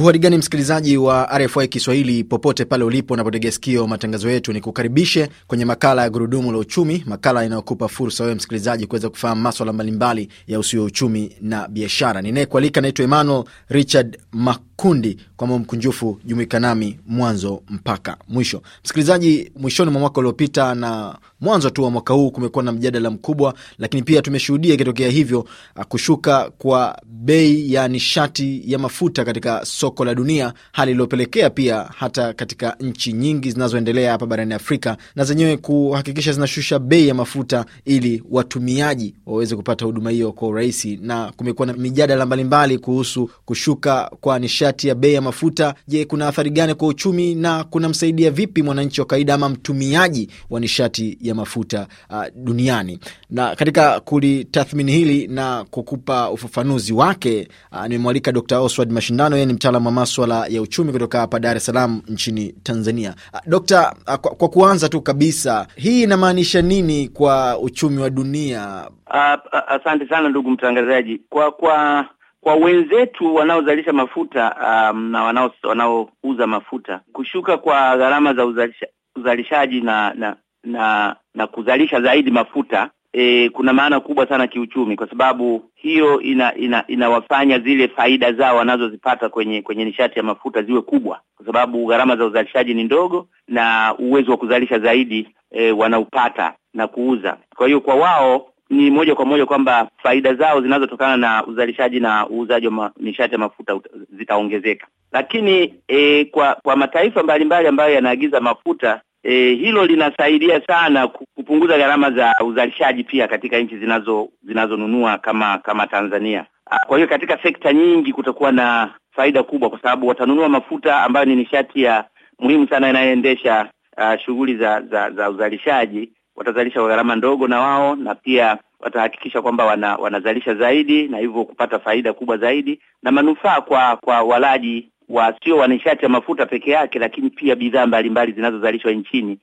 gani msikilizaji wa RFI Kiswahili popote pale ulipo unapotega sikio matangazo yetu, ni kukaribishe kwenye makala ya gurudumu la uchumi, makala inayokupa fursa wewe msikilizaji kuweza kufahamu maswala mbalimbali ya usio uchumi na biashara. Ninayekualika naitwa Emmanuel Richard Mac kundi kwa moyo mkunjufu, jumuika nami mwanzo mpaka mwisho. Msikilizaji, mwishoni mwa mwaka uliopita na mwanzo tu wa mwaka huu kumekuwa na mjadala mkubwa, lakini pia tumeshuhudia ikitokea hivyo ah, kushuka kwa bei ya nishati ya mafuta katika soko la dunia, hali iliyopelekea pia hata katika nchi nyingi zinazoendelea hapa barani Afrika na zenyewe kuhakikisha zinashusha bei ya mafuta ili watumiaji waweze kupata huduma hiyo kwa urahisi, na kumekuwa na mijadala mbalimbali kuhusu kushuka kwa nishati nishati ya bei ya mafuta, je, kuna athari gani kwa uchumi na kunamsaidia vipi mwananchi wa kawaida ama mtumiaji wa nishati ya mafuta uh, duniani? Na katika kulitathmini hili na kukupa ufafanuzi wake uh, nimemwalika Dr. Oswald Mashindano, yeye ni mtaalamu wa maswala ya uchumi kutoka hapa Dar es Salaam nchini Tanzania. Uh, Dr. uh, kwa, kwa kuanza tu kabisa, hii inamaanisha nini kwa uchumi wa dunia? Asante uh, uh, sana ndugu mtangazaji kwa kwa kwa wenzetu wanaozalisha mafuta um, na wanao wanaouza mafuta, kushuka kwa gharama za uzalisha, uzalishaji na na na na kuzalisha zaidi mafuta e, kuna maana kubwa sana kiuchumi, kwa sababu hiyo ina, ina inawafanya zile faida zao wanazozipata kwenye kwenye nishati ya mafuta ziwe kubwa, kwa sababu gharama za uzalishaji ni ndogo na uwezo wa kuzalisha zaidi e, wanaupata na kuuza. Kwa hiyo kwa wao ni moja kwa moja kwamba faida zao zinazotokana na uzalishaji na uuzaji wa nishati ya mafuta zitaongezeka. Lakini e, kwa kwa mataifa mbalimbali ambayo yanaagiza mafuta e, hilo linasaidia sana kupunguza gharama za uzalishaji pia katika nchi zinazo zinazonunua kama kama Tanzania. Kwa hiyo katika sekta nyingi kutakuwa na faida kubwa, kwa sababu watanunua mafuta ambayo ni nishati ya muhimu sana inayoendesha uh, shughuli za za, za uzalishaji watazalisha kwa gharama ndogo na wao, na pia watahakikisha kwamba wana, wanazalisha zaidi na hivyo kupata faida kubwa zaidi na manufaa kwa kwa walaji wasio wa nishati ya mafuta peke yake, lakini pia bidhaa mbalimbali zinazozalishwa nchini.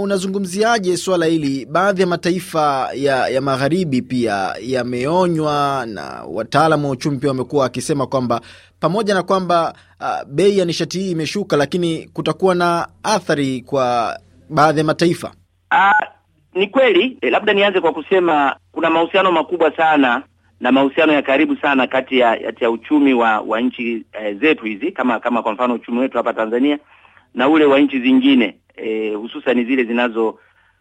Unazungumziaje una, una swala hili? Baadhi ya mataifa ya, ya magharibi pia yameonywa na wataalamu wa uchumi pia wamekuwa wakisema kwamba pamoja na kwamba uh, bei ya nishati hii imeshuka, lakini kutakuwa na athari kwa baadhi ya mataifa. Aa, ah, ni kweli eh, labda nianze kwa kusema kuna mahusiano makubwa sana na mahusiano ya karibu sana kati ya, ya, ya uchumi wa, wa nchi eh, zetu hizi kama kama kwa mfano uchumi wetu hapa Tanzania na ule wa nchi zingine eh, hususan zile zinazo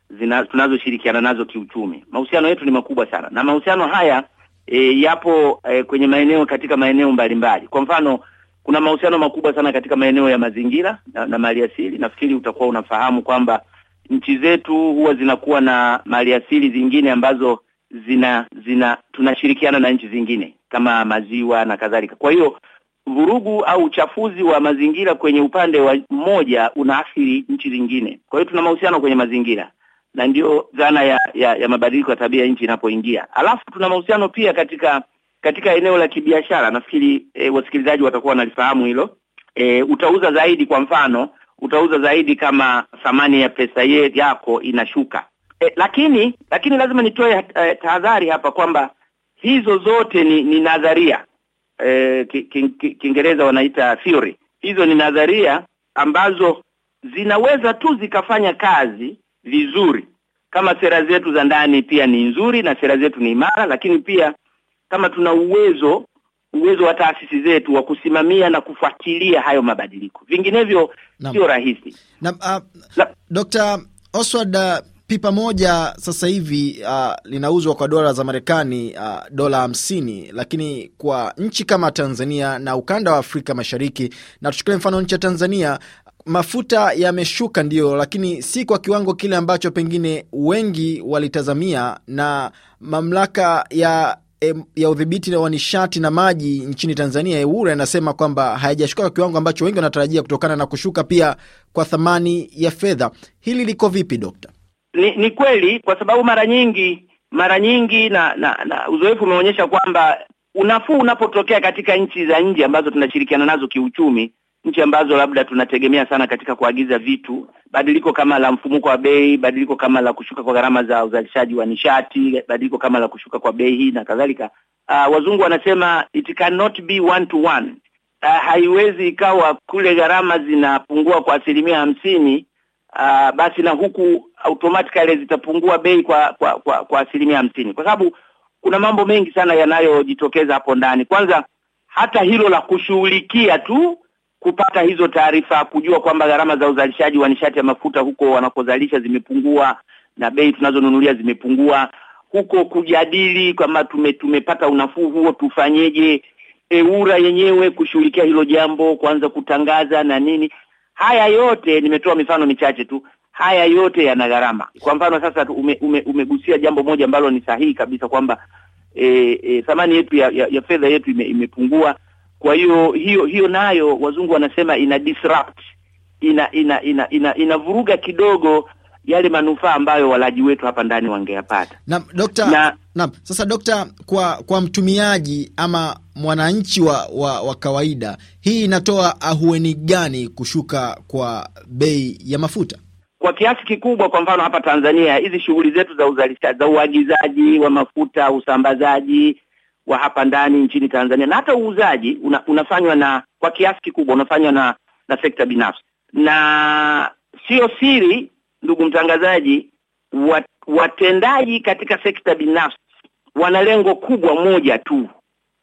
zina, tunazoshirikiana nazo kiuchumi. Mahusiano yetu ni makubwa sana na mahusiano haya eh, yapo eh, kwenye maeneo katika maeneo mbalimbali. Kwa mfano kuna mahusiano makubwa sana katika maeneo ya mazingira na, na maliasili. Nafikiri utakuwa unafahamu kwamba nchi zetu huwa zinakuwa na maliasili zingine ambazo zina zina tunashirikiana na nchi zingine kama maziwa na kadhalika. Kwa hiyo vurugu au uchafuzi wa mazingira kwenye upande wa mmoja unaathiri nchi zingine. Kwa hiyo tuna mahusiano kwenye mazingira na ndio dhana ya, ya, ya mabadiliko ya tabia nchi inapoingia. Alafu tuna mahusiano pia katika katika eneo la kibiashara. Nafikiri e, wasikilizaji watakuwa wanalifahamu hilo. E, utauza zaidi kwa mfano utauza zaidi kama thamani ya pesa ye yako inashuka. E, lakini lakini lazima nitoe e, tahadhari hapa kwamba hizo zote ni, ni nadharia e, Kiingereza wanaita theory. Hizo ni nadharia ambazo zinaweza tu zikafanya kazi vizuri kama sera zetu za ndani pia ni nzuri na sera zetu ni imara, lakini pia kama tuna uwezo uwezo wa taasisi zetu wa kusimamia na kufuatilia hayo mabadiliko, vinginevyo sio rahisi. Na, uh, na, Dr. Oswald ah, pipa moja sasa hivi uh, linauzwa kwa dola za Marekani uh, dola hamsini, lakini kwa nchi kama Tanzania na ukanda wa Afrika Mashariki, na tuchukulie mfano nchi ya Tanzania, mafuta yameshuka ndiyo, lakini si kwa kiwango kile ambacho pengine wengi walitazamia, na mamlaka ya e, ya udhibiti wa nishati na maji nchini Tanzania EWURA inasema kwamba hayajashuka kwa kiwango ambacho wengi wanatarajia kutokana na kushuka pia kwa thamani ya fedha. Hili liko vipi Dokta? Ni, ni kweli kwa sababu mara nyingi mara nyingi na, na, na uzoefu umeonyesha kwamba unafuu unapotokea katika nchi za nje ambazo tunashirikiana nazo kiuchumi, nchi ambazo labda tunategemea sana katika kuagiza vitu badiliko kama la mfumuko wa bei, badiliko kama la kushuka kwa gharama za uzalishaji wa nishati, badiliko kama la kushuka kwa bei na kadhalika. Uh, wazungu wanasema it cannot be one to one. Uh, haiwezi ikawa kule gharama zinapungua kwa asilimia hamsini uh, basi na huku automatically zitapungua bei kwa kwa kwa, kwa asilimia hamsini kwa sababu kuna mambo mengi sana yanayojitokeza hapo ndani. Kwanza hata hilo la kushughulikia tu kupata hizo taarifa, kujua kwamba gharama za uzalishaji wa nishati ya mafuta huko wanakozalisha zimepungua na bei tunazonunulia zimepungua, huko kujadili kwamba tume, tumepata unafuu huo, tufanyeje? EWURA yenyewe kushughulikia hilo jambo, kuanza kutangaza na nini. Haya yote nimetoa mifano michache tu, haya yote yana gharama. Kwa mfano sasa ume, ume, umegusia jambo moja ambalo ni sahihi kabisa kwamba e, e, thamani yetu ya, ya, ya fedha yetu ime, imepungua kwa hiyo hiyo hiyo nayo wazungu wanasema ina disrupt, ina ina ina ina inavuruga kidogo yale manufaa ambayo walaji wetu hapa ndani wangeyapata. na, dokta. Na, na Sasa dokta, kwa kwa mtumiaji ama mwananchi wa, wa, wa kawaida hii inatoa ahueni gani kushuka kwa bei ya mafuta? Kwa kiasi kikubwa, kwa mfano hapa Tanzania, hizi shughuli zetu za uzalishaji, za uagizaji wa mafuta, usambazaji wa hapa ndani nchini Tanzania na hata uuzaji una, unafanywa na kwa kiasi kikubwa unafanywa na na sekta binafsi, na sio siri, ndugu mtangazaji, wat, watendaji katika sekta binafsi wana lengo kubwa moja tu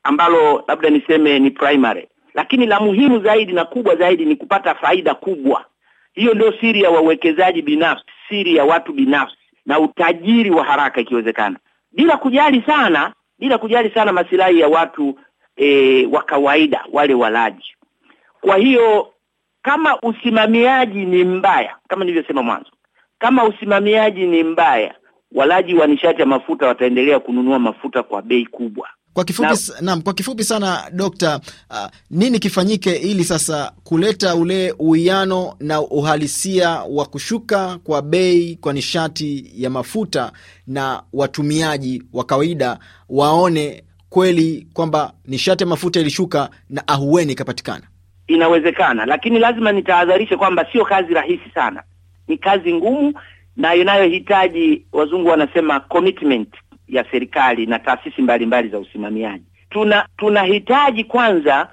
ambalo labda niseme ni primary, lakini la muhimu zaidi na kubwa zaidi ni kupata faida kubwa. Hiyo ndio siri ya wawekezaji binafsi, siri ya watu binafsi na utajiri wa haraka ikiwezekana, bila kujali sana bila kujali sana masilahi ya watu e, wa kawaida wale walaji. Kwa hiyo kama usimamiaji ni mbaya, kama nilivyosema mwanzo, kama usimamiaji ni mbaya, walaji wa nishati ya mafuta wataendelea kununua mafuta kwa bei kubwa. Kwa kifupi, naam, kwa kifupi sana dokta, uh, nini kifanyike ili sasa kuleta ule uwiano na uhalisia wa kushuka kwa bei kwa nishati ya mafuta na watumiaji wa kawaida waone kweli kwamba nishati ya mafuta ilishuka na ahueni ikapatikana? Inawezekana, lakini lazima nitahadharishe kwamba sio kazi rahisi sana, ni kazi ngumu na inayohitaji, wazungu wanasema commitment ya serikali na taasisi mbalimbali za usimamiaji. Tuna tunahitaji kwanza,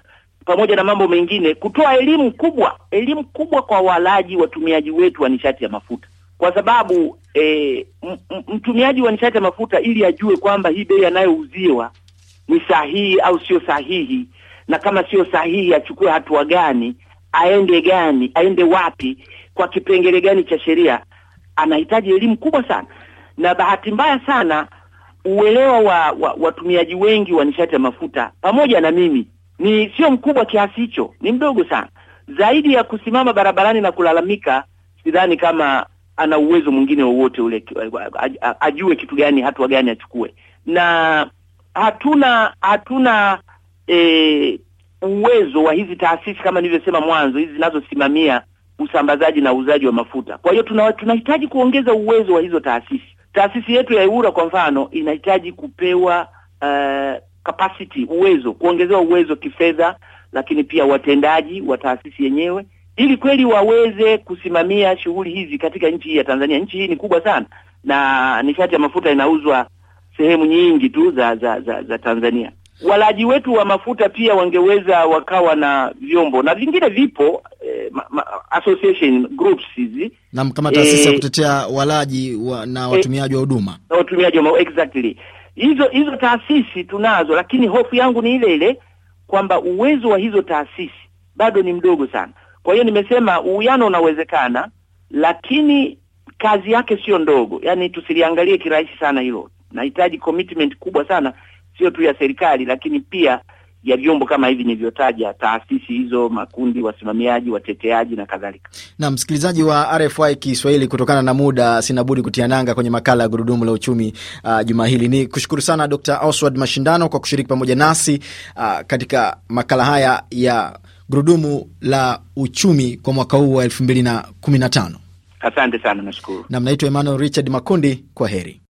pamoja na mambo mengine, kutoa elimu kubwa, elimu kubwa kwa walaji, watumiaji wetu wa nishati ya mafuta, kwa sababu e, mtumiaji wa nishati ya mafuta ili ajue kwamba hii bei anayouziwa ni sahihi au sio sahihi, na kama sio sahihi achukue hatua gani, aende gani, aende wapi, kwa kipengele gani cha sheria, anahitaji elimu kubwa sana, na bahati mbaya sana uelewa wa, wa watumiaji wengi wa nishati ya mafuta pamoja na mimi ni sio mkubwa kiasi hicho, ni mdogo sana. Zaidi ya kusimama barabarani na kulalamika, sidhani kama ana uwezo mwingine wowote ule, ajue kitu gani, hatua gani achukue, na hatuna hatuna e, uwezo wa hizi taasisi kama nilivyosema mwanzo, hizi zinazosimamia usambazaji na uuzaji wa mafuta. Kwa hiyo tuna tunahitaji kuongeza uwezo wa hizo taasisi Taasisi yetu ya EWURA kwa mfano inahitaji kupewa uh, capacity, uwezo, kuongezewa uwezo kifedha, lakini pia watendaji wa taasisi yenyewe ili kweli waweze kusimamia shughuli hizi katika nchi hii ya Tanzania. Nchi hii ni kubwa sana na nishati ya mafuta inauzwa sehemu nyingi tu za za, za, za Tanzania. Walaji wetu wa mafuta pia wangeweza wakawa na vyombo na vingine vipo ma, association groups hizi na kama taasisi ya e, kutetea walaji wa, na eh, watumiaji wa huduma na watumiaji wa exactly hizo hizo taasisi tunazo, lakini hofu yangu ni ile ile kwamba uwezo wa hizo taasisi bado ni mdogo sana. Kwa hiyo nimesema uwiano unawezekana, lakini kazi yake sio ndogo, yaani tusiliangalie kirahisi sana hilo. Nahitaji commitment kubwa sana, sio tu ya serikali, lakini pia ya vyombo kama hivi nilivyotaja, taasisi hizo, makundi, wasimamiaji, wateteaji na kadhalika. Na msikilizaji wa RFI Kiswahili, kutokana na muda sina budi kutia nanga kwenye makala ya gurudumu la uchumi uh, juma hili. Ni kushukuru sana Dr. Oswald Mashindano kwa kushiriki pamoja nasi uh, katika makala haya ya gurudumu la uchumi kwa mwaka huu wa 2015. Asante sana, nashukuru. Na mnaitwa Emmanuel Richard Makundi, kwa heri.